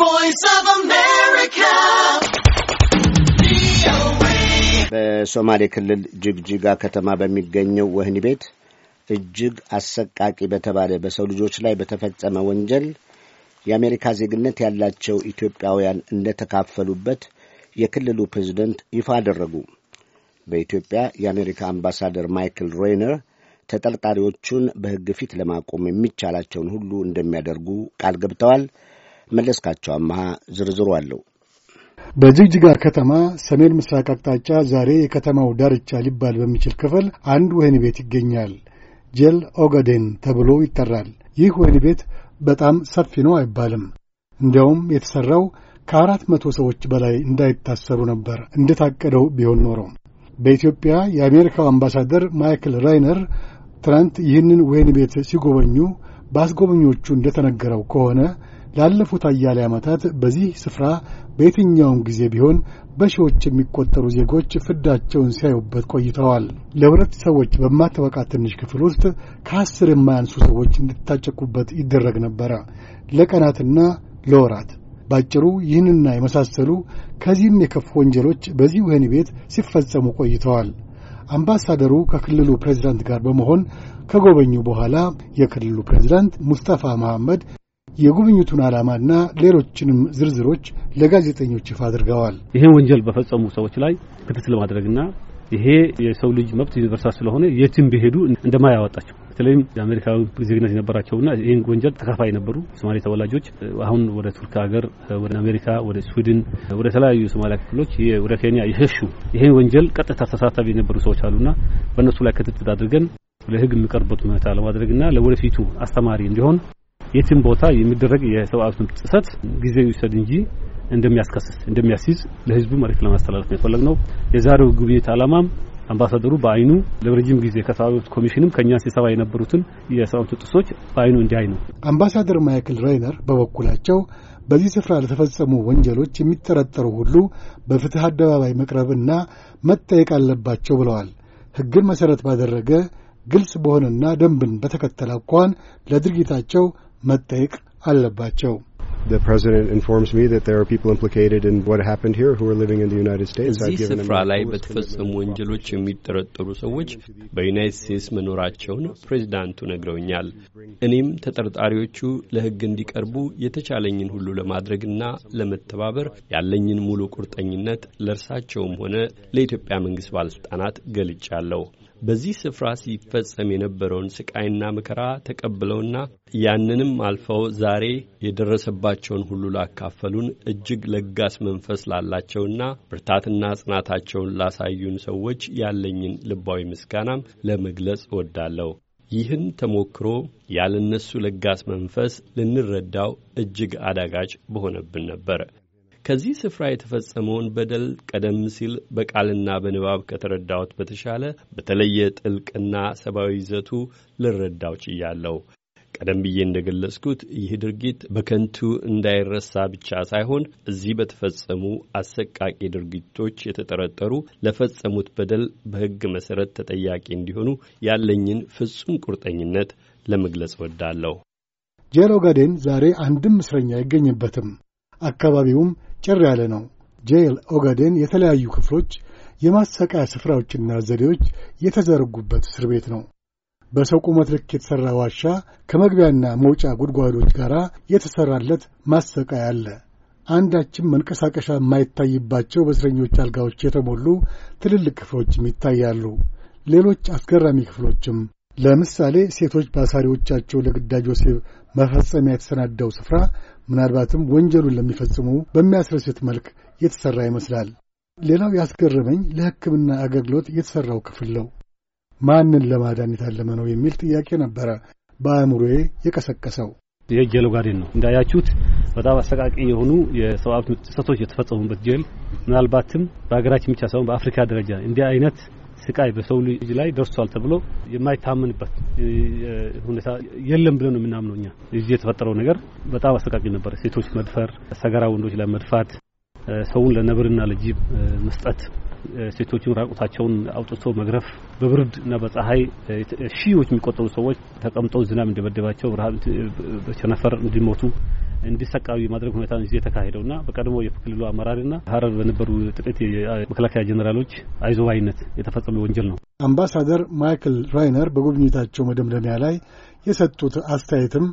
voice of America. በሶማሌ ክልል ጅግጅጋ ከተማ በሚገኘው ወህኒ ቤት እጅግ አሰቃቂ በተባለ በሰው ልጆች ላይ በተፈጸመ ወንጀል የአሜሪካ ዜግነት ያላቸው ኢትዮጵያውያን እንደተካፈሉበት የክልሉ ፕሬዝደንት ይፋ አደረጉ። በኢትዮጵያ የአሜሪካ አምባሳደር ማይክል ሮይነር ተጠርጣሪዎቹን በሕግ ፊት ለማቆም የሚቻላቸውን ሁሉ እንደሚያደርጉ ቃል ገብተዋል። መለስካቸው አመሃ ዝርዝሩ አለው። በጅግጅጋ ከተማ ሰሜን ምስራቅ አቅጣጫ ዛሬ የከተማው ዳርቻ ሊባል በሚችል ክፍል አንድ ወህኒ ቤት ይገኛል። ጄል ኦገዴን ተብሎ ይጠራል። ይህ ወህኒ ቤት በጣም ሰፊ ነው አይባልም። እንዲያውም የተሠራው ከአራት መቶ ሰዎች በላይ እንዳይታሰሩ ነበር እንደታቀደው ቢሆን ኖረው። በኢትዮጵያ የአሜሪካው አምባሳደር ማይክል ራይነር ትናንት ይህንን ወህኒ ቤት ሲጎበኙ በአስጎበኞቹ እንደተነገረው ከሆነ ላለፉት አያሌ ዓመታት በዚህ ስፍራ በየትኛውም ጊዜ ቢሆን በሺዎች የሚቆጠሩ ዜጎች ፍዳቸውን ሲያዩበት ቆይተዋል። ለሁለት ሰዎች በማትበቃ ትንሽ ክፍል ውስጥ ከአስር የማያንሱ ሰዎች እንዲታጨቁበት ይደረግ ነበረ ለቀናትና ለወራት። ባጭሩ ይህንና የመሳሰሉ ከዚህም የከፉ ወንጀሎች በዚህ ወህኒ ቤት ሲፈጸሙ ቆይተዋል። አምባሳደሩ ከክልሉ ፕሬዚዳንት ጋር በመሆን ከጎበኙ በኋላ የክልሉ ፕሬዚዳንት ሙስጠፋ መሐመድ የጉብኝቱን ዓላማና ሌሎችንም ዝርዝሮች ለጋዜጠኞች ይፋ አድርገዋል። ይህን ወንጀል በፈጸሙ ሰዎች ላይ ክትትል ለማድረግና ይሄ የሰው ልጅ መብት ዩኒቨርሳል ስለሆነ የትም ቢሄዱ እንደማያወጣቸው በተለይም የአሜሪካዊ ዜግነት የነበራቸውና ይህን ወንጀል ተካፋይ የነበሩ ሶማሌ ተወላጆች አሁን ወደ ቱርክ ሀገር፣ ወደ አሜሪካ፣ ወደ ስዊድን፣ ወደ ተለያዩ ሶማሊያ ክፍሎች፣ ወደ ኬንያ የሸሹ ይህን ወንጀል ቀጥታ ተሳታፊ የነበሩ ሰዎች አሉና በእነሱ ላይ ክትትል አድርገን ለህግ የሚቀርበት ሁኔታ ለማድረግና ለወደፊቱ አስተማሪ እንዲሆን የትም ቦታ የሚደረግ የሰብአዊ መብት ጥሰት ጊዜው ይውሰድ እንጂ እንደሚያስከስስ እንደሚያስይዝ ለህዝቡ መልእክት ለማስተላለፍ ነው የፈለግነው። የዛሬው ጉብኝት አላማም አምባሳደሩ በአይኑ ለረጅም ጊዜ ከሰብአዊ መብት ኮሚሽንም ከእኛ ሲሰባ የነበሩትን የሰብአዊ መብት ጥሰቶች በአይኑ እንዲያይ ነው። አምባሳደር ማይክል ራይነር በበኩላቸው በዚህ ስፍራ ለተፈጸሙ ወንጀሎች የሚጠረጠሩ ሁሉ በፍትህ አደባባይ መቅረብና መጠየቅ አለባቸው ብለዋል። ህግን መሠረት ባደረገ ግልጽ በሆነና ደንብን በተከተለ አኳኋን ለድርጊታቸው መጠየቅ አለባቸው። እዚህ ስፍራ ላይ በተፈጸሙ ወንጀሎች የሚጠረጠሩ ሰዎች በዩናይት ስቴትስ መኖራቸውን ፕሬዚዳንቱ ነግረውኛል። እኔም ተጠርጣሪዎቹ ለሕግ እንዲቀርቡ የተቻለኝን ሁሉ ለማድረግና ለመተባበር ያለኝን ሙሉ ቁርጠኝነት ለእርሳቸውም ሆነ ለኢትዮጵያ መንግሥት ባለሥልጣናት ገልጫለሁ። በዚህ ስፍራ ሲፈጸም የነበረውን ስቃይና መከራ ተቀብለውና ያንንም አልፈው ዛሬ የደረሰባቸውን ሁሉ ላካፈሉን እጅግ ለጋስ መንፈስ ላላቸውና ብርታትና ጽናታቸውን ላሳዩን ሰዎች ያለኝን ልባዊ ምስጋናም ለመግለጽ እወዳለሁ። ይህን ተሞክሮ ያለነሱ ለጋስ መንፈስ ልንረዳው እጅግ አዳጋጭ በሆነብን ነበር። ከዚህ ስፍራ የተፈጸመውን በደል ቀደም ሲል በቃልና በንባብ ከተረዳሁት በተሻለ በተለየ ጥልቅና ሰብአዊ ይዘቱ ልረዳው ችያለሁ። ቀደም ብዬ እንደገለጽኩት ይህ ድርጊት በከንቱ እንዳይረሳ ብቻ ሳይሆን እዚህ በተፈጸሙ አሰቃቂ ድርጊቶች የተጠረጠሩ ለፈጸሙት በደል በሕግ መሠረት ተጠያቂ እንዲሆኑ ያለኝን ፍጹም ቁርጠኝነት ለመግለጽ እወዳለሁ። ጄሮ ጋዴን ዛሬ አንድም እስረኛ አይገኝበትም። አካባቢውም ጭር ያለ ነው። ጄል ኦጋዴን የተለያዩ ክፍሎች፣ የማሰቃያ ስፍራዎችና ዘዴዎች የተዘረጉበት እስር ቤት ነው። በሰው ቁመት ልክ የተሠራ ዋሻ ከመግቢያና መውጫ ጉድጓዶች ጋር የተሠራለት ማሰቃያ አለ። አንዳችም መንቀሳቀሻ የማይታይባቸው በእስረኞች አልጋዎች የተሞሉ ትልልቅ ክፍሎችም ይታያሉ። ሌሎች አስገራሚ ክፍሎችም ለምሳሌ ሴቶች በአሳሪዎቻቸው ለግዳጅ ወሲብ መፈጸሚያ የተሰናዳው ስፍራ ምናልባትም ወንጀሉን ለሚፈጽሙ በሚያስረስት መልክ የተሠራ ይመስላል። ሌላው ያስገረመኝ ለሕክምና አገልግሎት የተሠራው ክፍል ነው። ማንን ለማዳን የታለመ ነው የሚል ጥያቄ ነበረ በአእምሮዬ የቀሰቀሰው። የጄል ኦጋዴን ነው እንዳያችሁት፣ በጣም አሰቃቂ የሆኑ የሰብአዊ ጥሰቶች የተፈጸሙበት ጀል፣ ምናልባትም በሀገራችን ብቻ ሳይሆን በአፍሪካ ደረጃ እንዲህ አይነት ስቃይ በሰው ልጅ ላይ ደርሷል ተብሎ የማይታመንበት ሁኔታ የለም ብለን ነው የምናምነው እኛ። እዚህ የተፈጠረው ነገር በጣም አሰቃቂ ነበር። ሴቶች መድፈር፣ ሰገራ ወንዶች ላይ መድፋት፣ ሰውን ለነብርና ለጅብ መስጠት፣ ሴቶችን ራቁታቸውን አውጥቶ መግረፍ፣ በብርድ እና በፀሐይ ሺዎች የሚቆጠሩ ሰዎች ተቀምጠው ዝናብ እንዲበደባቸው፣ ረሃብ በቸነፈር እንዲሞቱ እንዲሰቃዩ የማድረግ ሁኔታ ነው የተካሄደው እና በቀድሞ የክልሉ አመራርና ሀረር በነበሩ ጥቂት የመከላከያ ጀኔራሎች አይዞባይነት የተፈጸመ ወንጀል ነው። አምባሳደር ማይክል ራይነር በጉብኝታቸው መደምደሚያ ላይ የሰጡት አስተያየትም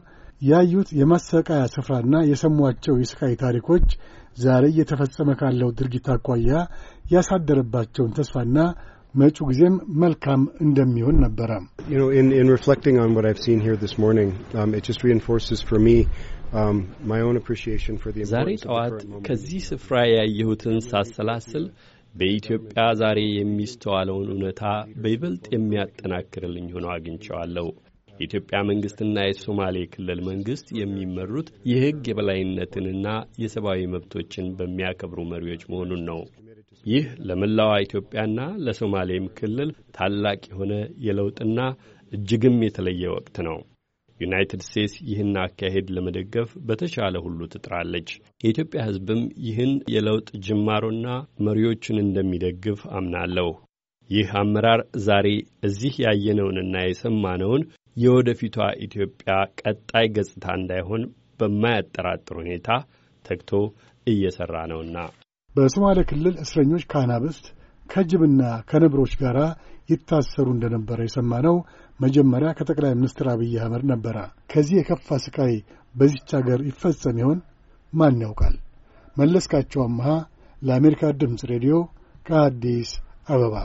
ያዩት የማሰቃያ ስፍራና የሰሟቸው የስቃይ ታሪኮች ዛሬ እየተፈጸመ ካለው ድርጊት አኳያ ያሳደረባቸውን ተስፋና መጪው ጊዜም መልካም እንደሚሆን ነበረ። um, um, ዛሬ ጠዋት ከዚህ ስፍራ ያየሁትን ሳሰላስል በኢትዮጵያ ዛሬ የሚስተዋለውን እውነታ በይበልጥ የሚያጠናክርልኝ ሆኖ አግኝቸዋለሁ። የኢትዮጵያ መንግስትና የሶማሌ ክልል መንግስት የሚመሩት የሕግ የበላይነትንና የሰብአዊ መብቶችን በሚያከብሩ መሪዎች መሆኑን ነው። ይህ ለመላዋ ኢትዮጵያና ለሶማሌም ክልል ታላቅ የሆነ የለውጥና እጅግም የተለየ ወቅት ነው። ዩናይትድ ስቴትስ ይህን አካሄድ ለመደገፍ በተሻለ ሁሉ ትጥራለች። የኢትዮጵያ ሕዝብም ይህን የለውጥ ጅማሮና መሪዎቹን እንደሚደግፍ አምናለሁ። ይህ አመራር ዛሬ እዚህ ያየነውንና የሰማነውን የወደፊቷ ኢትዮጵያ ቀጣይ ገጽታ እንዳይሆን በማያጠራጥር ሁኔታ ተግቶ እየሠራ ነውና በሶማሌ ክልል እስረኞች ከአናብስት ከጅብና ከነብሮች ጋር ይታሰሩ እንደነበረ የሰማነው መጀመሪያ ከጠቅላይ ሚኒስትር አብይ አህመድ ነበረ። ከዚህ የከፋ ስቃይ በዚች አገር ይፈጸም ይሆን? ማን ያውቃል? መለስካቸው አምሃ ለአሜሪካ ድምፅ ሬዲዮ ከአዲስ አበባ